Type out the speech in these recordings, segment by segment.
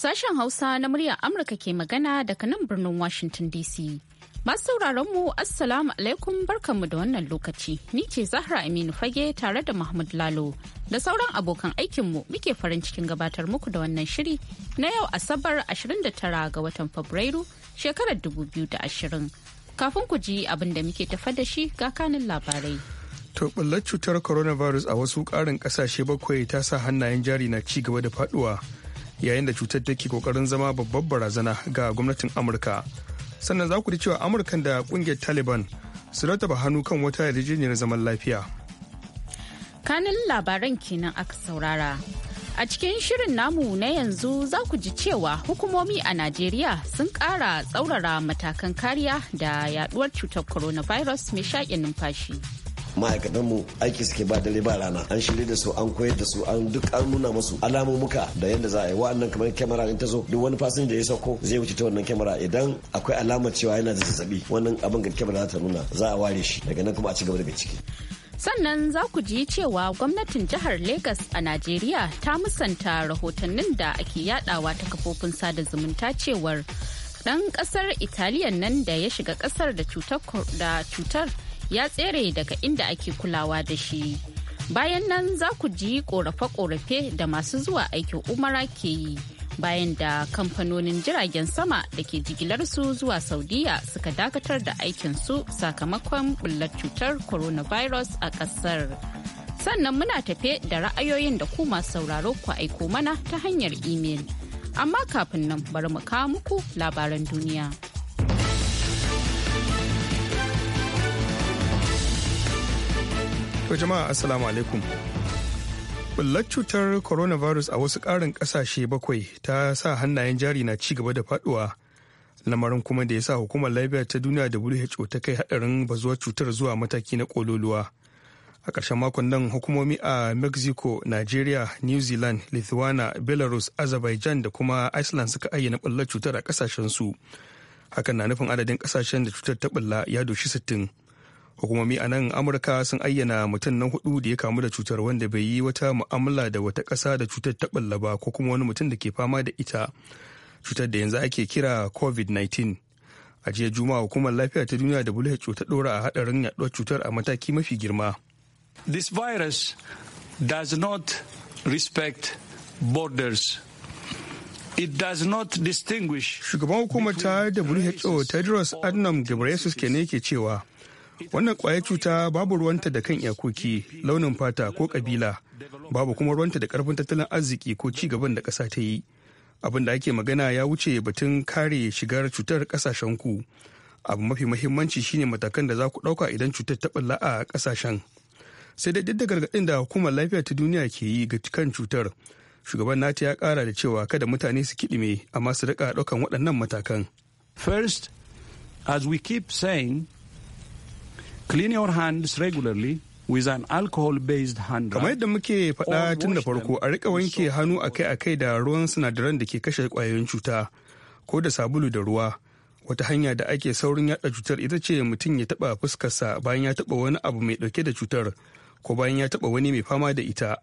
Sashen Hausa na muryar Amurka ke magana daga nan birnin Washington DC. Masu sauraron mu Assalamu alaikum barkanmu da wannan lokaci. Ni ce Zahra Aminu Fage tare da Mahmud Lalo da sauran abokan aikinmu muke farin cikin gabatar muku da wannan shiri na yau Asabar 29 ga watan Fabrairu shekarar 2020. Kafin ku ji abin da muke tafa da shi ga kanin labarai. To cutar coronavirus a wasu ƙarin ƙasashe bakwai ta sa hannayen jari na ci gaba da faduwa. yayin da cutar take kokarin zama babbar barazana ga gwamnatin amurka sannan za ku ji cewa amurkan da kungiyar taliban su rataba hannu kan wata yarjejeniyar zaman lafiya kanin labaran kenan aka saurara a cikin shirin namu na yanzu za ku ji cewa hukumomi a najeriya sun kara tsaurara matakan kariya da yaduwar cutar coronavirus mai shaƙi numfashi ma'aikatanmu aiki suke ba dare ba rana an shirya da su an koyar da su an duk an nuna musu alamomuka da yadda za a yi wa'annan kamar kyamara in ta zo duk wani fasinja ya sauko zai wuce ta wannan kyamara idan akwai alamar cewa yana da zazzabi wannan abin ga kyamara za ta nuna za a ware shi daga nan kuma a ci gaba daga ciki. sannan za ku ji cewa gwamnatin jihar lagos a Najeriya ta musanta rahotannin da ake yadawa ta kafofin sada zumunta cewar dan kasar Italiyan nan da ya shiga kasar da cutar ya tsere daga inda ake kulawa da shi. Bayan nan za ku ji korafe-korafe da masu zuwa aikin umara ke yi bayan da kamfanonin jiragen sama da ke jigilarsu zuwa Saudiya suka dakatar da aikinsu sakamakon bullar cutar coronavirus a ƙasar. Sannan muna tafe da ra'ayoyin da kuma sauraro ku aiko mana ta hanyar imel. Amma kafin nan bari mu kawo muku labaran duniya. To jama'a assalamu alaikum. Bullar cutar coronavirus a wasu ƙarin ƙasashe bakwai ta sa hannayen jari na ci gaba da faduwa. Lamarin kuma da ya sa hukumar lafiya ta duniya da WHO ta kai haɗarin bazuwar cutar zuwa mataki na ƙololuwa. A ƙarshen makon nan hukumomi a Mexico, Nigeria, New Zealand, Lithuania, Belarus, Azerbaijan da kuma Iceland suka ayyana ɓullar cutar a ƙasashensu. Hakan na nufin adadin ƙasashen da cutar ta ɓulla ya doshi sittin. hukumomi a nan amurka sun ayyana mutum na hudu da ya kamu da cutar wanda bai yi wata mu'amala da wata kasa da cutar ta ba ko kuma wani mutum da ke fama da ita cutar da yanzu ake kira covid-19 a jiya juma'a hukumar lafiya ta duniya da who ta dora a hadarin yaduwar cutar a mataki mafi girma this virus does not respect borders It does not distinguish. Shugaban hukumar ta WHO Tedros Adhanom Ghebreyesus ke ne ke cewa Wannan ƙwayar cuta babu ruwanta da kan iyakoki, launin fata ko ƙabila, babu kuma ruwanta da ƙarfin tattalin arziki ko ci gaban da ƙasa ta yi. Abin da ake magana ya wuce batun kare shigar cutar ƙasashen ku. Abu mafi mahimmanci shine matakan da za ku ɗauka idan cutar ta ɓalla a ƙasashen. Sai dai duk da gargaɗin da hukumar lafiya ta duniya ke yi ga kan cutar, shugaban nata ya kara da cewa kada mutane su kiɗime amma su rika ɗaukan waɗannan matakan. First, as we keep saying, Clean your hands regularly with an alcohol based hand Kamar yadda muke faɗa tun da farko a rika wanke hannu akai-akai da ruwan sinadaran da ke kashe ƙwayoyin cuta ko da sabulu da ruwa. Wata hanya da ake saurin yaɗa cutar ita ce mutum ya taɓa fuskarsa bayan ya taɓa wani abu mai ɗauke da cutar ko bayan ya taɓa wani mai fama da ita.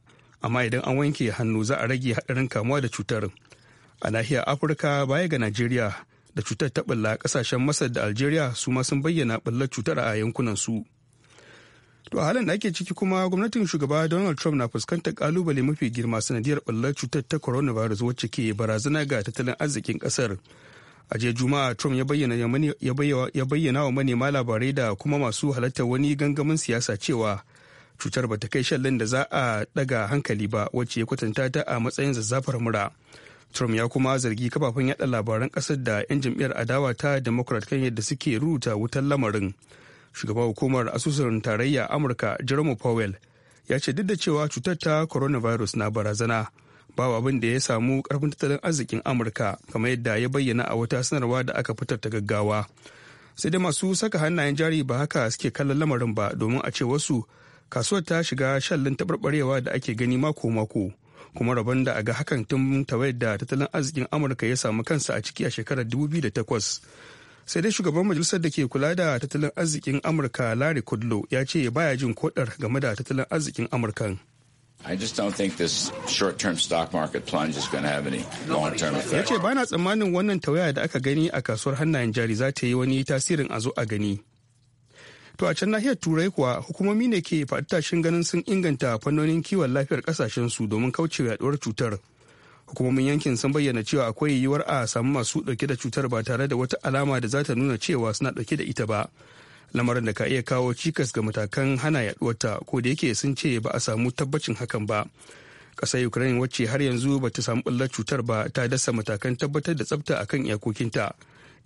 Amma idan an wanke hannu za a rage haɗarin kamuwa da cutar. A nahiyar Afirka baya ga Najeriya da cutar ta ɓalla ƙasashen masar da algeria su ma sun bayyana ɓallar cutar a yankunan su to a halin da ake ciki kuma gwamnatin shugaba donald trump na fuskantar kalubale mafi girma sanadiyar ɓallar cutar ta coronavirus wacce ke barazana ga tattalin arzikin ƙasar a jiya juma'a trump ya bayyana wa manema labarai da kuma masu halartar wani gangamin siyasa cewa cutar bata kai shallan da za a daga hankali ba wacce ya kwatanta ta a matsayin zazzafar mura Trump ya kuma zargi kafafen yada labaran ƙasar da 'yan jam'iyyar adawa ta Democrat kan yadda suke rubuta wutar lamarin. Shugaban hukumar asusun tarayya Amurka Jerome Powell ya ce duk da cewa cutar ta coronavirus na barazana babu abin da ya samu karfin tattalin arzikin Amurka kamar yadda ya bayyana a wata sanarwa da aka fitar ta gaggawa. Sai dai masu saka hannayen jari ba haka suke kallon lamarin ba domin a ce wasu kasuwar ta shiga shallin taɓarɓarewa da ake gani mako-mako. kuma rabon da a ga hakan tun tawayar da tattalin arzikin amurka ya samu kansa a ciki a shekarar 2008 sai dai shugaban majalisar da ke kula da tattalin arzikin amurka larry kudlow ya ce ya baya jin kodar game da tattalin arzikin amurka I just don't think this short-term stock market plunge is going to have any long-term effect. Ya ce bana tsammanin wannan tawaya da aka gani a kasuwar hannayen jari za ta yi wani tasirin a zo a gani. To a can nahiyar Turai kuwa hukumomi ne ke fatashin ganin sun inganta fannonin kiwon lafiyar kasashen su domin kaucewa yaduwar cutar. Hukumomin yankin sun bayyana cewa akwai yiwuwar a samu masu dauke da cutar ba tare da wata alama da za ta nuna cewa suna dauke da ita ba. Lamarin da ka iya kawo cikas ga matakan hana yaduwarta ko da yake sun ce ba a samu tabbacin hakan ba. Ƙasar Ukraine wacce har yanzu ba ta samu ɓullar cutar ba ta dasa matakan tabbatar da tsafta akan iyakokinta. iyakokinta.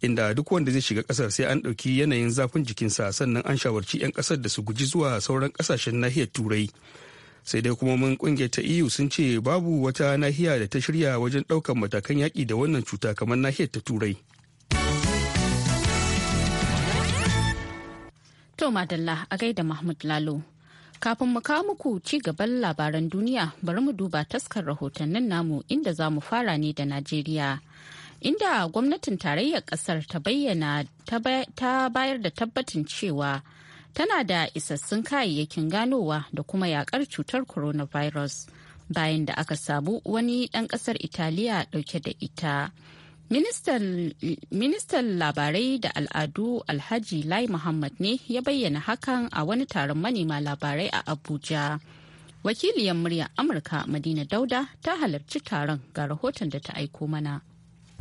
inda duk wanda zai shiga kasar sai an ɗauki yanayin zafin jikinsa sannan an shawarci 'yan kasar da su guji zuwa sauran kasashen nahiyar turai sai dai kuma mun kungiyar ta eu sun ce babu wata nahiya da ta shirya wajen ɗaukar matakan yaki da wannan cuta kamar nahiyar ta turai to madalla a gaida mahmud lalo Kafin mu kawo muku ci gaban labaran duniya, bari mu duba taskar rahotannin namu inda za mu fara ne da Najeriya. inda gwamnatin tarayyar kasar ta bayyana ta bayar da tabbatin cewa tana da isassun kayayyakin ganowa da kuma yakar cutar coronavirus bayan da aka sabu wani ɗan ƙasar italiya ɗauke da ita ministan labarai da al'adu alhaji lai muhammad ne ya bayyana hakan a wani taron manema labarai a abuja wakiliyar muryar amurka madina dauda ta halarci taron ga rahoton da ta aiko mana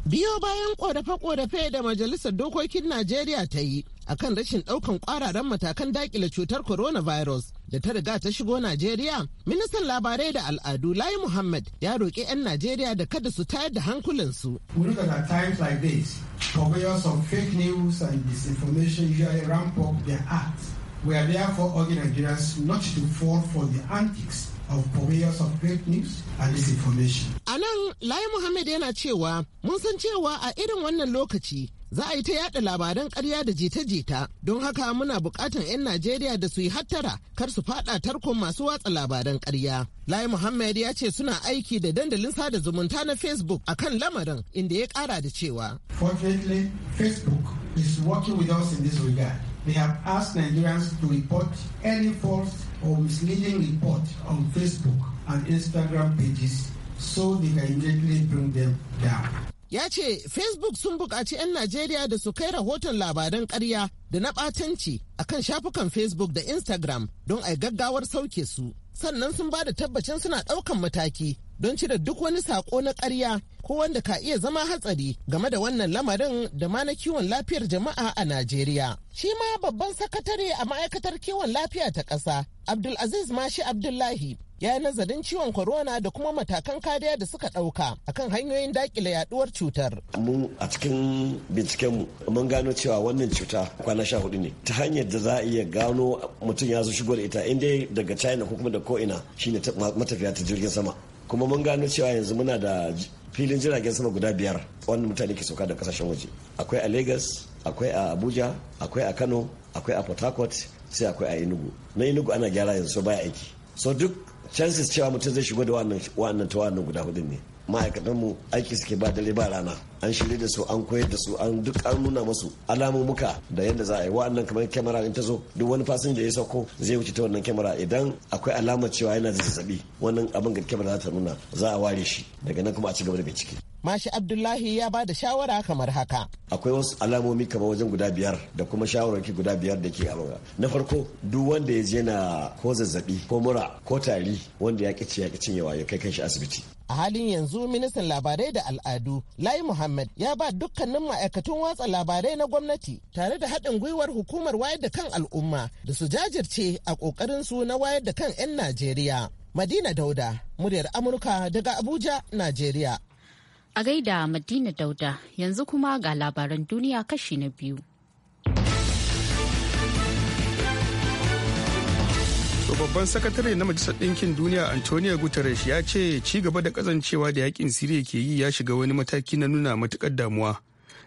biyo bayan ƙorafe korafe da majalisar dokokin najeriya ta yi akan rashin ɗaukan kwararan matakan dakile cutar coronavirus da ta riga ta shigo najeriya ministan labarai da al'adu layi muhammad ya roƙi 'yan najeriya da kada su tayar da hankulansu We are therefore urging Nigerians not to fall for the antics of purveyors of great news and disinformation. A nan Lai Muhammad yana cewa mun san cewa a irin wannan lokaci za a yi ta yada labaran karya da jita-jita don haka muna bukatan 'yan Najeriya da su yi hattara kar su fada tarkon masu watsa labaran karya. Lai Muhammad ya ce suna aiki da dandalin sada zumunta na Facebook akan lamarin inda ya kara da cewa. Fortunately, Facebook is working with us in this regard. They have asked Nigerians to report any false or misleading report on Facebook and Instagram pages so they can immediately bring them down. Ya ce Facebook sun buƙaci 'yan Najeriya da su kai rahoton labaran ƙarya da na ɓatanci a kan shafukan Facebook da Instagram don a gaggawar sauke su. Sannan sun bada tabbacin suna ɗaukan mataki don cire duk wani saƙo na ƙarya ko wanda ka iya zama hatsari game da wannan lamarin da ma na kiwon lafiyar jama'a a Najeriya. Shi ma babban sakatare a ma'aikatar kiwon lafiya ta ƙasa, Abdulaziz Mashi Abdullahi ya yi nazarin ciwon corona da kuma matakan kariya da suka ɗauka akan hanyoyin dakile yaduwar cutar. Mu a cikin bincikenmu mun gano cewa wannan cuta kwana sha hudu ne ta hanyar da za a iya gano mutum ya zo shigo da ita inda daga China ko kuma da ko'ina shine matafiya ta jirgin sama. Kuma mun gano cewa yanzu muna da filin jiragen sama guda biyar wanda mutane ke sauka da kasashen waje. Akwai a Lagos, akwai a Abuja, akwai a Kano, akwai a Port Harcourt, sai akwai a inugu na inugu ana gyara yanzu so aiki so duk chances cewa mutum zai shigo da wannan ta wannan guda hudu ne ma'aikatan mu aiki suke ba dare ba rana an shirya da su an koyar da su an duk an nuna musu alamomuka da yadda za a yi wa'annan kamar kyamara in ta zo duk wani fasinja ya sauko zai wuce ta wannan kyamara idan akwai alamar cewa yana zazzabi wannan abin ga kyamara za ta nuna za a ware shi daga nan kuma a ci gaba da bincike mashi abdullahi ya ba da shawara kamar haka akwai wasu alamomi kamar wajen guda biyar da kuma shawararki guda biyar da ke alaura na farko duk wanda ya je na ko zazzabi ko mura ko tari wanda ya kici ya yawa ya kai kanshi asibiti a halin yanzu ministan labarai da al'adu lai muhammad ya ba dukkanin ma'aikatun watsa labarai na gwamnati tare da haɗin gwiwar hukumar wayar da kan al'umma da su jajirce a ƙoƙarin su na wayar da kan 'yan najeriya madina dauda muryar amurka daga abuja najeriya A gaida Madina Dauda yanzu kuma ga labaran duniya kashi na biyu. babban sakatare na Majalisar Ɗinkin Duniya Antonio Guterres ya ce ci gaba da kazancewa da yakin Siriya ke yi ya shiga wani mataki na nuna matukar damuwa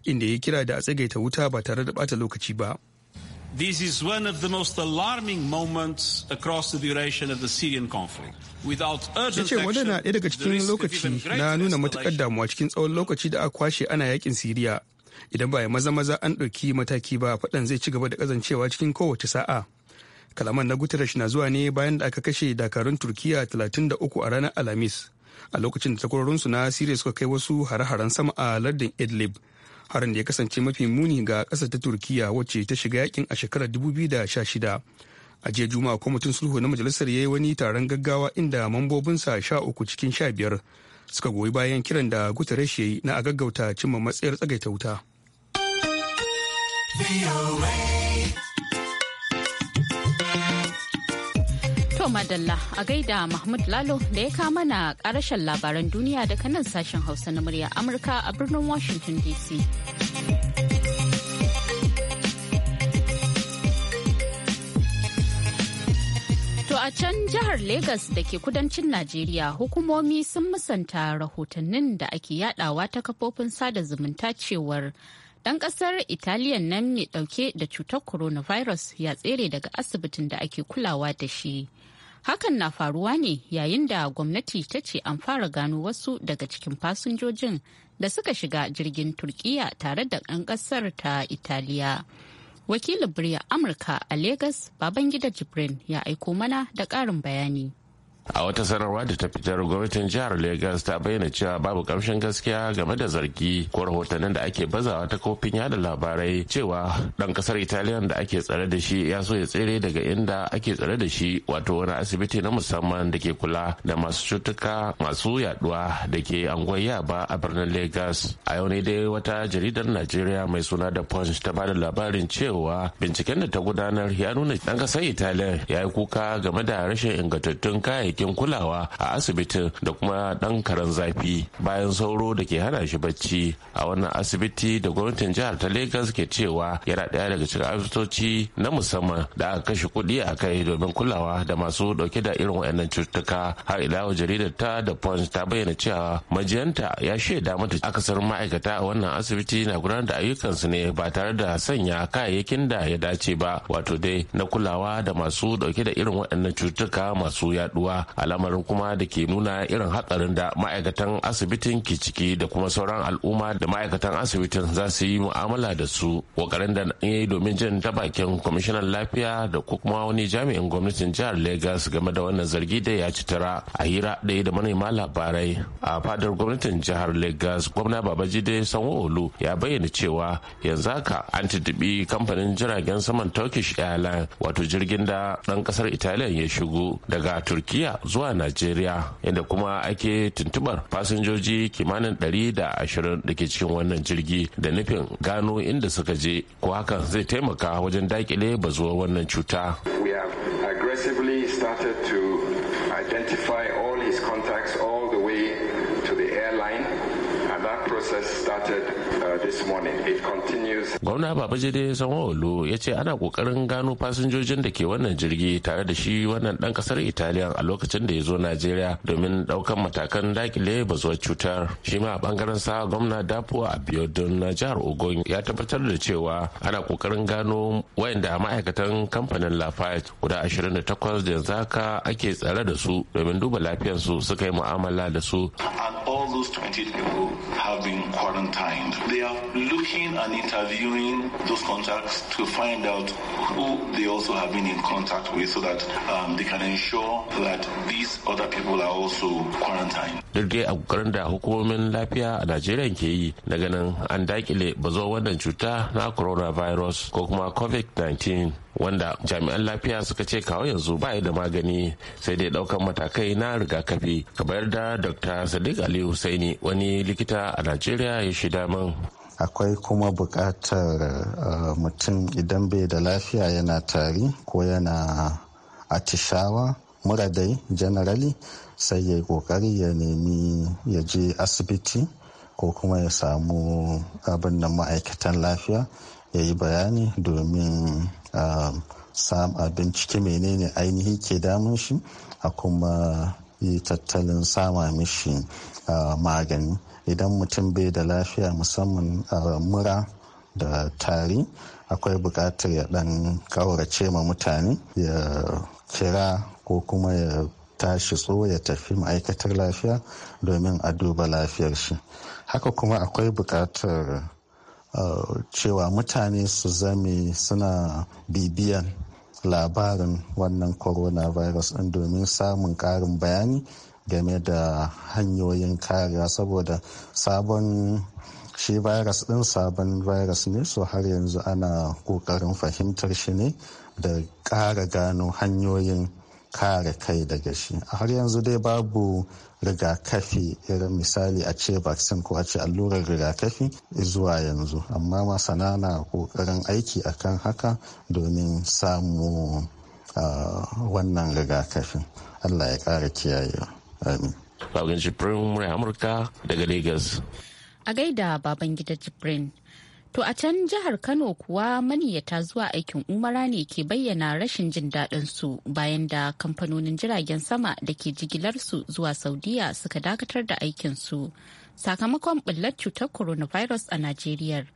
inda ya kira da a tsagaita wuta ba tare da bata lokaci ba. This is one of the most alarming moments across the duration of the Syrian conflict. Ya ce wannan na ɗaya daga cikin lokaci na nuna matuƙar damuwa cikin tsawon lokaci da aka kwashe ana yakin Siriya. Idan ba ya maza-maza an ɗauki mataki ba faɗan zai ci gaba da ƙazancewa cikin kowace sa'a. Kalaman na Guterres na zuwa ne bayan da aka kashe dakarun Turkiya uku a ranar Alhamis. A lokacin da takwarorinsu na Siriya suka kai wasu hare-haren sama a lardin Idlib. harin da ya kasance mafi muni ga ƙasar ta turkiya wacce ta shiga yakin a shekarar 2016 a jiya juma'a kwamitin sulhu na majalisar ya yi wani taron gaggawa inda mambobinsa sha uku cikin sha biyar suka goyi bayan kiran da guterres ya na a gaggauta cimma matsayar tsagaita wuta. madalla a gaida Mahmud Lalo da ya kama na karashen labaran duniya daga nan sashen Hausa na murya Amurka a birnin Washington DC. To a can jihar Legas da ke kudancin Najeriya hukumomi sun musanta rahotannin da ake yadawa ta kafofin sada zumunta cewar dan kasar italiya nan mai dauke da cutar coronavirus ya tsere daga asibitin da ake kulawa da shi Hakan na faruwa ne yayin da gwamnati ta ce an fara gano wasu daga cikin fasinjojin da suka shiga jirgin Turkiya tare da ɗan ƙasar ta Italiya. Wakilin birya Amurka a Legas Babangida Jibrin ya aiko mana da ƙarin bayani. a wata sanarwa da ta fitar gwamnatin jihar Legas ta bayyana cewa babu kamshin gaskiya game da zargi ko rahotannin da ake bazawa ta kofin yada labarai cewa dan kasar Italiyan da ake tsare da shi ya so ya tsere daga inda ake tsare da shi wato wani asibiti na musamman da ke kula da masu cutuka masu yaduwa da ke angon yaba a birnin Legas. a yau ne dai wata jaridar najeriya mai suna da punch ta bada labarin cewa binciken da ta gudanar ya nuna dan kasar italiya ya yi kuka game da rashin ingantattun kayayyaki kayayyakin kulawa a asibitin da kuma dan karen zafi bayan sauro da ke hana shi bacci a wannan asibiti da gwamnatin jihar ta Legas ke cewa yana ɗaya daga cikin asibitoci na musamman da aka kashe kuɗi a kai domin kulawa da masu ɗauke da irin waɗannan cututtuka har ila jaridar ta da punch ta bayyana cewa majiyanta ya shaida mata akasar ma'aikata a wannan asibiti na gudanar da ayyukansu ne ba tare da sanya kayayyakin da ya dace ba wato dai na kulawa da masu ɗauke da irin waɗannan cututtuka masu yaɗuwa A al'amarin kuma da ke nuna irin hatsarin da ma'aikatan asibitin ke ciki da kuma sauran al'umma da ma'aikatan asibitin za su yi mu'amala da su kokarin da ya yi domin jin ta bakin kwamishinan lafiya da kuma wani jami'in gwamnatin jihar Legas game da wannan zargi da ya ci tara a hira da da manema labarai a fadar gwamnatin jihar Legas gwamna babajide sanwo-olu ya bayyana cewa yanzu haka an tuntuɓi kamfanin jiragen saman turkish airlines wato jirgin da ɗan ƙasar italiya ya shigo daga turkiya zuwa Najeriya inda kuma ake tuntubar fasinjoji kimanin 120 da ke cikin wannan jirgi da nufin gano inda suka je ko hakan zai taimaka wajen dakile bazuwar wannan cuta. We have aggressively started to gwamna baba Gwamna baba olu ya ce ana kokarin gano fasinjojin da ke wannan jirgi tare da shi wannan dan kasar Italiya a lokacin da ya zo Najeriya domin daukan matakan dakile bazuwar cutar. Shi ma a bangaren sa gwamna Dapo Abiodun na jihar Ogun ya tabbatar da cewa ana kokarin gano wayanda ma'aikatan kamfanin Lafayette guda 28 da yanzu haka ake tsare da su domin duba lafiyarsu suka yi mu'amala da su. And all those 28 people have been quarantined. looking and interviewing those contacts to find out who they also have been in contact with so that um, they can ensure that these other people are also quarantined. Duk dai a kokarin da hukumomin lafiya a Najeriya ke yi na ganin an dakile bazo wannan cuta na coronavirus ko kuma COVID-19 wanda jami'an lafiya suka ce kawo yanzu ba da magani sai dai daukan matakai na rigakafi kamar da Dr. Sadiq Ali Husaini wani likita a Najeriya ya shida min. akwai kuma buƙatar eh, mutum idan bai da lafiya yana tari ko yana atishawa mura dai generally sai ya yi ƙoƙari ya nemi ya je asibiti ko kuma ya samu abin da ma'aikatan lafiya ya yi bayani domin eh, sam a bincike menene ainihi ke damun shi a kuma yi tattalin sama mishi eh, magani idan mutum bai da lafiya musamman a eh, mura da tari akwai buƙatar ya ɗan ƙaurace ma mutane ya kira ko kuma ya tashi tso ya tafi ma'aikatar lafiya domin a duba lafiyar shi haka kuma akwai buƙatar eh, cewa mutane su zame suna bibiyan labarin wannan coronavirus ɗin domin samun ƙarin bayani game da hanyoyin kariya saboda sabon shi virus din sabon virus ne so har yanzu ana kokarin fahimtar shi ne da ƙara gano hanyoyin kare kai daga shi har yanzu dai babu rigakafi irin misali a ce vaccine ko a ce allurar rigakafi zuwa yanzu amma masana na kokarin aiki akan haka domin samu ah, wannan rigakafin allah ya ƙara kiyayewa amin baban amurka daga lagos a gaida baban gida jibrin To a can jihar Kano kuwa maniyyata zuwa aikin umara ne ke bayyana rashin jin daɗin su bayan da kamfanonin jiragen sama da ke jigilar su zuwa Saudiya suka dakatar da aikin su sakamakon ɓullar cutar coronavirus a Najeriya.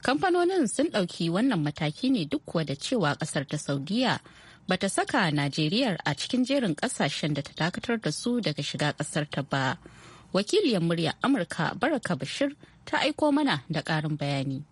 Kamfanonin sun ɗauki wannan mataki ne duk kuwa da cewa ƙasar ta Saudiya bata saka Najeriya a cikin jerin kasashen da ta dakatar da su daga shiga kasar ta ba. Wakiliyar murya Amurka Baraka Bashir ta aiko mana da ƙarin bayani.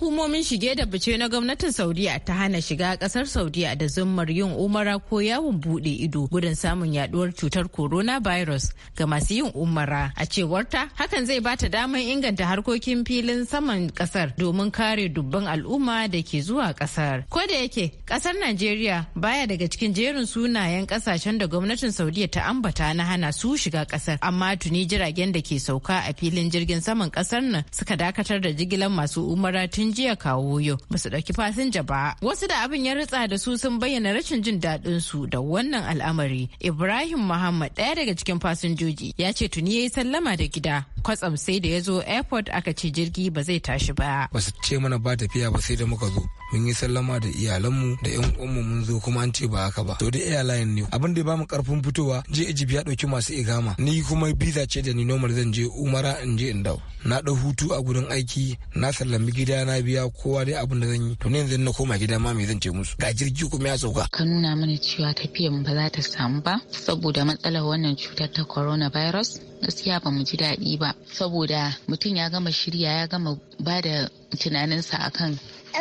Hukumomin shige da fice na gwamnatin Saudiya ta hana shiga kasar Saudiya da zummar yin umara ko yawon bude ido gudun samun yaduwar cutar coronavirus ga masu yin umara. A cewarta hakan zai bata damar inganta harkokin filin saman kasar domin kare dubban al'umma da ke zuwa kasar. Ko da yake kasar Najeriya baya daga cikin jerin sunayen kasashen da gwamnatin Saudiya ta ambata na hana su shiga kasar amma tuni jiragen da ke sauka a filin jirgin saman kasar nan suka dakatar da jigilar masu umara tun tun jiya kawo yau ba su ɗauki fasinja ba wasu da abin ya ritsa da su sun bayyana rashin jin daɗin su da wannan al'amari ibrahim muhammad ɗaya daga cikin fasinjoji ya ce tuni yayi sallama da gida kwatsam sai da ya zo airport aka ce jirgi ba zai tashi ba. Ba su ce mana ba tafiya ba sai da muka zo. Mun yi sallama da iyalanmu da yan uwanmu mun zo kuma an ce ba haka ba. To da airline ne. Abin da ya bamu karfin fitowa je Egypt ya ɗauki masu igama. Ni kuma visa ce da ni normal zan je Umara in je in dau. Na dau hutu a gurin aiki, na sallami gida na biya kowa dai abin da zan yi. To ne yanzu na koma gida ma me zan ce musu. Ga jirgi kuma ya sauka. Ka nuna mana cewa tafiyan ba za ta samu ba saboda matsalar wannan cutar ta coronavirus gaskiya ba mu ji daɗi ba saboda mutum ya gama shirya ya gama ba da tunaninsa akan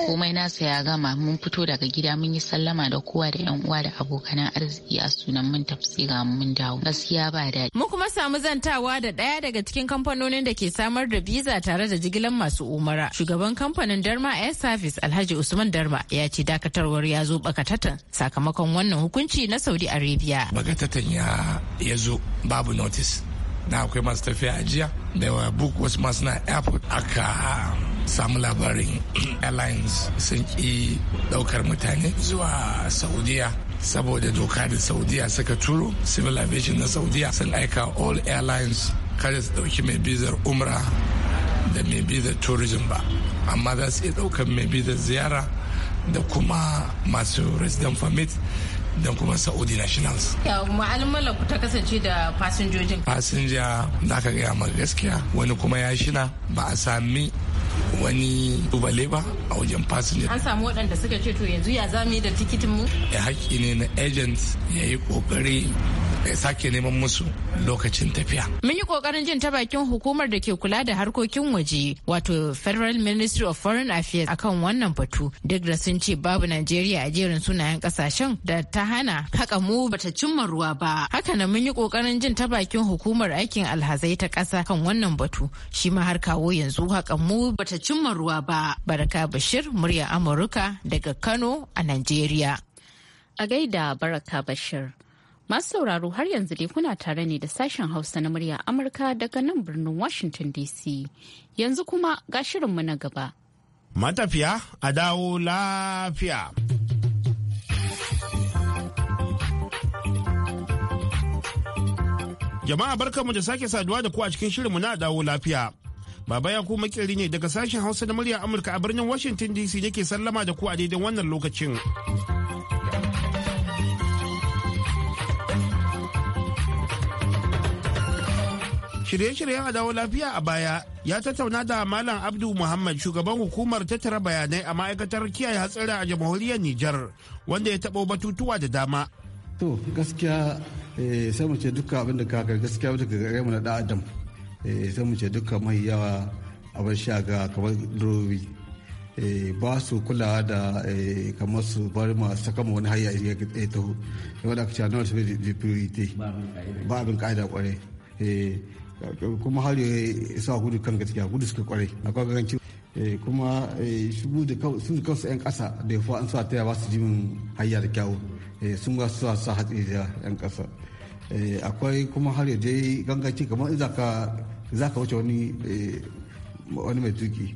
komai nasa ya gama mun fito daga gida mun yi sallama da kowa da yan uwa da abokan arziki a sunan mun tafsi ga mun dawo gaskiya ba daɗi. mun kuma samu zantawa da ɗaya daga cikin kamfanonin da ke samar da biza tare da jigilan masu umara shugaban kamfanin darma air service alhaji usman darma ya ce dakatarwar ya zo bakatatan sakamakon wannan hukunci na saudi arabia bakatatan ya ya zo babu notice na akwai masu tafiya ajiya da book wasu masu na airport aka samu labarin airlines sun ki daukar mutane zuwa saudiya saboda doka da saudiya suka turo civil aviation na saudiya sun aika all airlines kada su dauki mai bizar umra da mai bizar tourism ba amma za su iya daukar mai bizar ziyara da kuma masu resident permit da kuma saudi nationals ya ta kasance da fasinjojin fasinja za ka gaya maka gaskiya wani kuma ya shina ba a sami wani tubale ba a wajen fasinja. An samu waɗanda suka ce to yanzu ya zami da tikitin mu? Ya haƙƙi ne na agent ya yi ƙoƙari sake neman musu lokacin tafiya. Mun yi kokarin jin ta bakin hukumar da ke kula da harkokin waje wato Federal Ministry of Foreign Affairs akan wannan batu duk da sun ce babu Najeriya a jerin sunayen kasashen da ta hana haka mu bata cimma ruwa ba. Haka na mun yi kokarin jin ta bakin hukumar aikin alhazai ta ƙasa kan wannan batu shi ma har kawo yanzu haka mu bata cimma ruwa ba. Baraka Bashir murya Amurka daga Kano a Najeriya. A gaida Baraka Bashir. Masu sauraro har yanzu dai kuna tare ne da sashen Hausa na murya Amurka daga nan birnin Washington DC. Yanzu kuma ga shirinmu na gaba. Matafiya a dawo lafiya. Jama'a barkanmu da sake saduwa da ku a cikin shirinmu na dawo lafiya. Baba ya kuma makirri ne daga sashen Hausa na murya Amurka a birnin Washington DC nake sallama da ku a daidai wannan lokacin. shirye-shiryen a dawo lafiya a baya ya tattauna da malam abdu muhammad shugaban hukumar tattara bayanai a ma'aikatar kiyaye hatsari a jamhuriyar nijar wanda ya taɓo batutuwa da dama to gaskiya sai mu ce duka abin da kaga gaskiya ga gare mu na da adam sai mu ce duka mai yawa abin sha ga kamar durobi ba su kulawa da kamar su bari ma saka ma wani hayya ya taho wanda aka ce na wasu da priority ba abin ka'ida kwarai kuma har ya sa gudu kan gaskiya gudu suka kwarai akwai ganganci eh, kuma eh, su da kansu 'yan kasa da ya an sa taya ba su jimin hayya da kyawu eh, sun ga su sa hatsi da 'yan kasa akwai kuma har dai ganganci kamar in za ka wuce wani wani mai tuki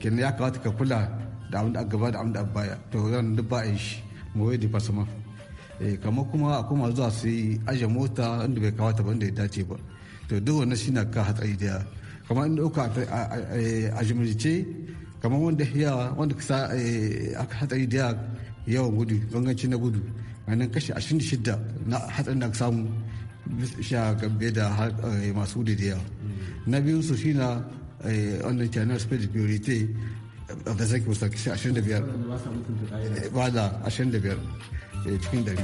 kenan ya kawata ka kula da abin da gaba da abin da baya to zan duk ba a yi shi mu wai da sama kamar kuma a kuma zuwa su yi aje mota inda bai kawata ba inda ya dace ba to duk wannan shi na ka hatsari da kamar in ɗauka a jimirce kamar wanda ya wanda kusa eh, aka hatsari da yawan gudu ganganci na gudu wannan kashi 26 na hatsarin da samu sha gabe da eh, masu gudu da yawa na biyun su shi na eh, wannan channel spade priority da zaki wasu kashi 25 ba da 25 cikin 100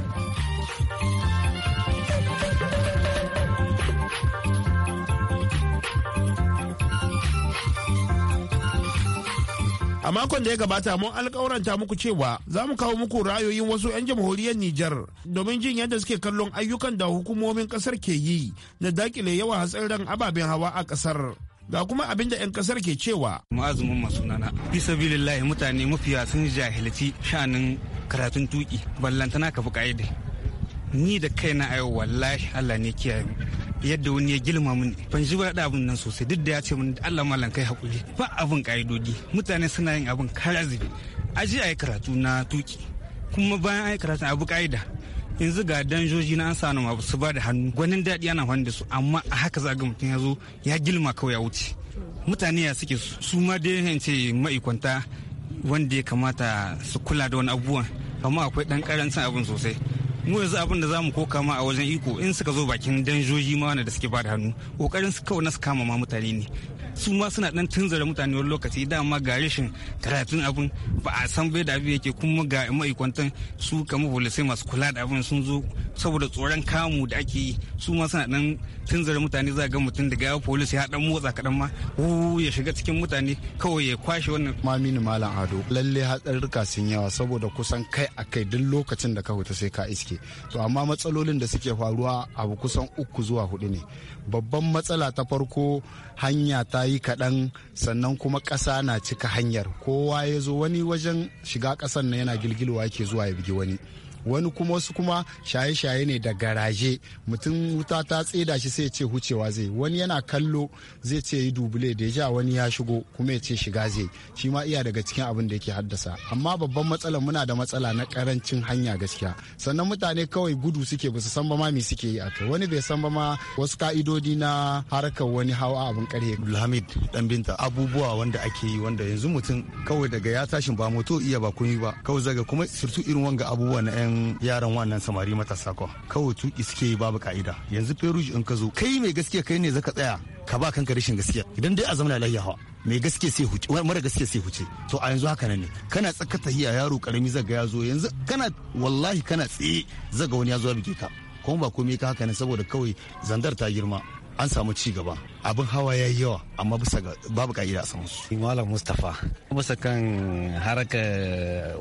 a makon da ya gabata mun alkawaranta muku cewa za mu kawo muku rayoyin wasu 'yan jamhuriyar Nijar domin jin yadda suke kallon ayyukan da hukumomin kasar ke yi na dakile yawa hatsarin ababen hawa a kasar. ga kuma abin da 'yan kasar ke cewa. Ma'azumin masu nana, bisa mutane mafiya sun jahilci sha'anin karatun tuki, ballantana ka fi ka'ida. Ni da kaina a yau wallahi Allah ne kiyaye yadda wani ya gilma mun ban ji ba abun nan sosai duk da ya ce min Allah mallan kai hakuri ba abun ka'idodi mutane suna yin abun karazibi aji a yi karatu na tuki kuma bayan a yi karatu abu ka'ida yanzu ga danjoji na an sa ma su ba da hannu gwanin daɗi ana hannu da su amma a haka za ga mutum ya zo ya gilma kawai ya wuce mutane ya suke su ma dai ce ma'ikwanta wanda ya kamata su kula da wani abubuwan amma akwai ɗan ƙarancin abin sosai mu yanzu abin da zamu koka ma a wajen iko in suka zo bakin danjoji ma wanda da suke ba da hannu kokarin su kawai na su kama ma mutane ne su ma suna dan tunzare mutane wani lokaci dama ga rashin karatun abin ba a san bai da abin yake kuma ga ma'aikatan su kamar polisai masu kula da abin sun zo saboda tsoron kamu da ake yi su ma suna dan tunzare mutane za ga mutum da ya folis ya dan motsa kaɗan ma ya shiga cikin mutane kawai ya kwashe wannan. mamini Malam Ado lalle hatsarurruka sun yawa saboda kusan kai a kai duk lokacin da ka huta sai ka iske to amma matsalolin da suke faruwa abu kusan uku zuwa hudu ne babban matsala ta farko hanya ta yi kaɗan sannan kuma ƙasa na cika hanyar kowa ya zo wani wajen shiga ƙasan na yana gilgilwa yake zuwa ya bugi wani wani kuma wasu kuma shaye-shaye ne da garaje mutum wuta ta tseda shi sai ce hucewa zai wani yana kallo zai ce yi dubule da ya ja wani ya shigo kuma ya ce shiga zai shi ma iya daga cikin abin da yake haddasa amma babban matsalar muna da matsala na karancin hanya gaskiya sannan mutane kawai gudu suke ba su san ba ma me suke yi a wani bai san ba ma wasu ka'idodi na harkar wani hawa abin karhe Abdulhamid dan binta abubuwa wanda ake yi wanda yanzu mutum kawai daga ya tashin ba moto iya ba kun yi ba kawai zaga kuma surtu irin wanga abubuwa na yan yaran wannan samari matasa kwa kawai tuki suke babu ka'ida yanzu feruji in ka zo kai mai gaskiya kai ne zaka tsaya ka ba kanka rashin gaskiya idan dai a zamana lafiya hawa mai gaske sai huce mara gaske sai huce to a yanzu haka nan ne kana tsaka tahiya yaro karami zaga ya zo yanzu kana wallahi kana tsaye zaga wani ya zo bige ka kuma ba komai ka haka ne saboda kawai zandar ta girma an samu ci gaba abin hawa ya yi yawa amma bisa ga babu ka'ida a samansu. Malam Mustapha bisa kan haraka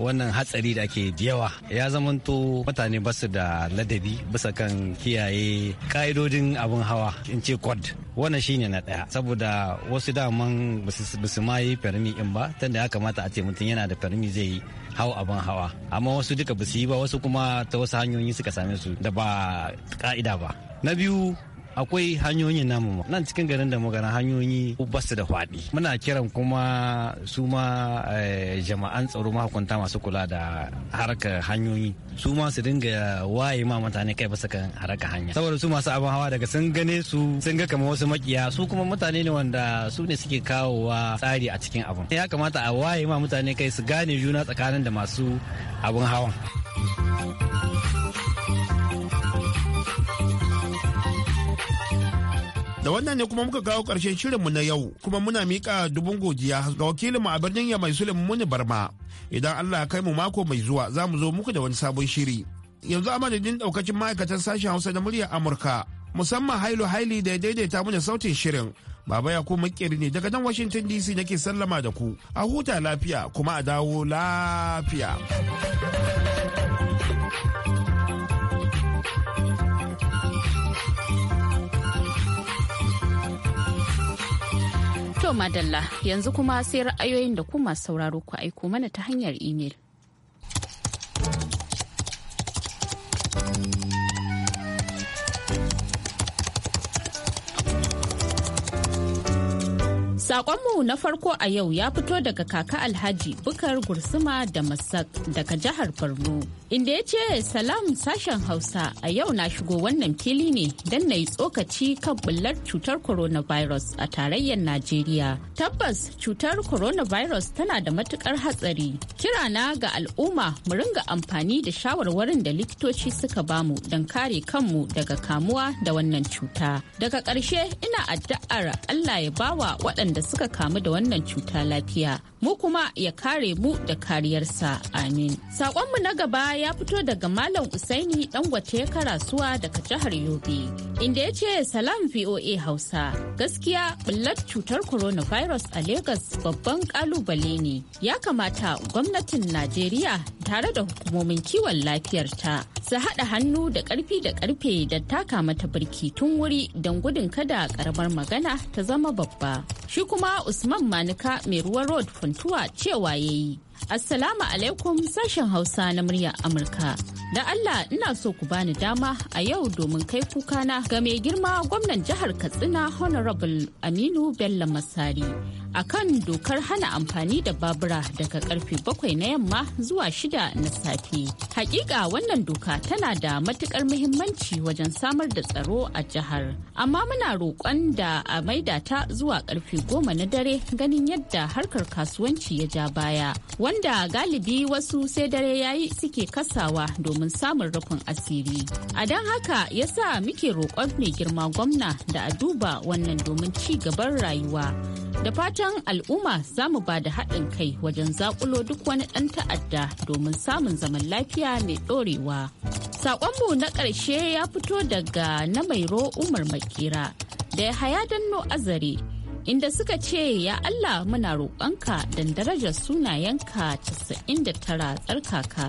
wannan hatsari da ake yawa ya zamanto mutane ba su da ladabi bisa kan kiyaye ka'idodin abin hawa in ce kod wannan shine na daya saboda wasu daman ba su ma yi in ba tanda ya kamata a ce mutum yana da fermi zai yi hau abin hawa amma wasu duka ba su yi ba wasu kuma ta wasu hanyoyi suka same su da ba ka'ida ba na biyu akwai hanyoyin namu nan cikin garin da magana hanyoyi ba su da faɗi muna kiran kuma su ma eh, jama'an tsaro mahukunta masu kula da harkar hanyoyi su ma su dinga waye ma mutane kai ba su kan harkar hanya saboda su masu abin hawa daga sun gane su sun ga kamar wasu makiya su kuma mutane ne wanda su ne suke kawowa tsari a cikin abin ya kamata a waye ma mutane kai su gane juna tsakanin da masu abin hawan da wannan ne kuma muka kawo ƙarshen shirinmu na yau kuma muna miƙa dubun godiya ga wakilinmu a birnin ya mai muni barma idan allah ya kai mu mako mai zuwa za mu zo muku da wani sabon shiri yanzu a madadin ɗaukacin ma'aikatan sashen hausa na muryar amurka musamman hailu haili da ya daidaita mana sautin shirin baba ya kuma makeri ne daga nan washington dc nake sallama da ku a huta lafiya kuma a dawo lafiya To Madalla yanzu kuma sai ra'ayoyin da kuma sauraro ku aiko mana ta hanyar imel. Saƙonmu na farko a yau ya fito daga kaka Alhaji Bukar Gursuma da Masak daga jihar Borno. inda ya ce salam sashen hausa a yau na shigo wannan fili ne don na yi tsokaci kan bullar cutar coronavirus a tarayyar najeriya tabbas cutar coronavirus tana da matukar hatsari kirana ga al'umma mu ringa amfani da shawarwarin da likitoci suka bamu don kare kanmu daga kamuwa da wannan cuta daga ƙarshe ina addu'ar allah ya bawa waɗanda suka kamu da wannan cuta lafiya mu kuma ya kare mu da kariyarsa amin saƙonmu na gaba ya fito daga Malam Usaini Dangote Karasuwa daga jihar Yobe, inda ya ce salam VOA Hausa. Gaskiya bullar cutar coronavirus a Legas babban kalubale ne. Ya kamata gwamnatin Najeriya tare da hukumomin kiwon lafiyarta su haɗa hannu da ƙarfi da ƙarfe da taka mata birki tun wuri don gudun kada ƙaramar magana ta zama babba. Shi kuma Usman Manika mai ruwan road funtuwa cewa ya yi. Assalamu alaikum sashen Hausa na muryar Amurka. Da Allah ina so ku bani dama a yau domin kai kukana ga mai girma gwamnan jihar Katsina Honorable Aminu Bello Masari. a kan dokar hana amfani da babura daga karfe bakwai na yamma zuwa shida na safe. Hakika wannan doka tana da matukar muhimmanci wajen samar da tsaro a jihar. Amma muna roƙon da a maida ta zuwa karfe goma na dare ganin yadda harkar kasuwanci ya ja baya. Wanda galibi wasu sai dare yayi suke kasawa domin samun rufin asiri. A don haka yasa muke roƙon mai girma gwamna da a duba wannan domin ci gaban rayuwa. Da fatan al'umma za mu ba da haɗin kai wajen zaƙulo duk wani ɗan ta'adda domin samun zaman lafiya mai ɗorewa. Saƙonmu na ƙarshe ya fito daga na mairo Umar Makira da ya haya danno azare inda suka ce ya Allah muna roƙonka don darajar sunayenka tara tsarkaka.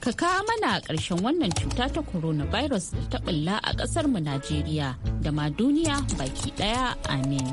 Ka ka mana ƙarshen wannan cuta ta coronavirus da ta ɓulla a ƙasarmu Najeriya da ma duniya baki ɗaya amin.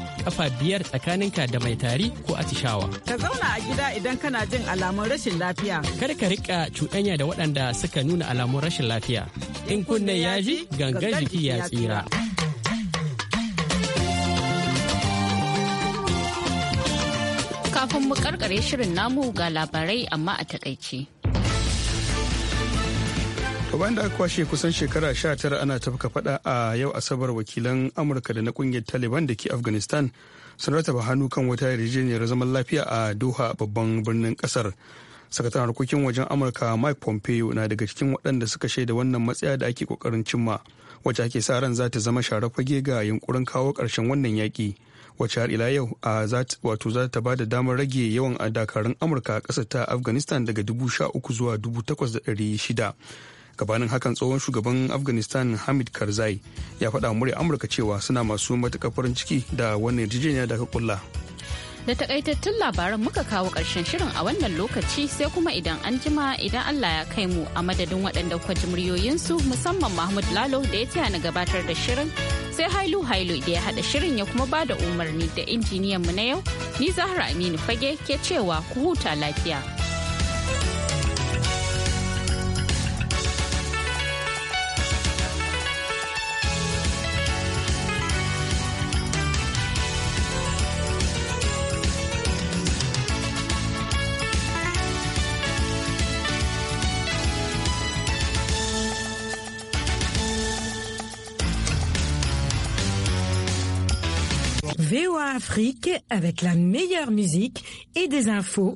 kafa biyar tsakaninka da mai tari ko atishawa. Ka zauna a gida idan kana jin alamun rashin lafiya. Kar ka rika cuɗanya da waɗanda suka nuna alamun rashin lafiya. In kunne ya ji gangan jiki ya tsira. Kafin mu karkare shirin namu ga labarai amma a takaice. bayan da aka kwashe kusan shekara 19 ana tafka fada a yau asabar wakilan amurka da na kungiyar taliban da ke afghanistan sun rataba hannu kan wata yarjejeniyar zaman lafiya a doha babban birnin kasar sakataren harkokin wajen amurka mike pompeo na daga cikin waɗanda suka shaida wannan matsaya da ake kokarin cimma wacce ake sa ran za ta zama share fage ga yunkurin kawo ƙarshen wannan yaƙi wacce har ila yau a wato za ta ba da damar rage yawan dakarun amurka a ƙasar ta afghanistan daga dubu sha uku zuwa dubu takwas da ɗari shida gabanin hakan tsohon shugaban afghanistan hamid karzai ya faɗa murya amurka cewa suna masu matuƙar farin ciki da wannan yarjejeniya da aka kulla da takaitattun labaran muka kawo ƙarshen shirin a wannan lokaci sai kuma idan an jima idan Allah ya kai mu a madadin waɗanda kuka ji muryoyinsu musamman Mahmud Lalo da ya taya na gabatar da shirin sai Hailu Hailu da ya haɗa shirin ya kuma ba da umarni da injiniyan mu na yau ni Zahra Aminu Fage ke cewa ku huta lafiya. Afrique avec la meilleure musique et des infos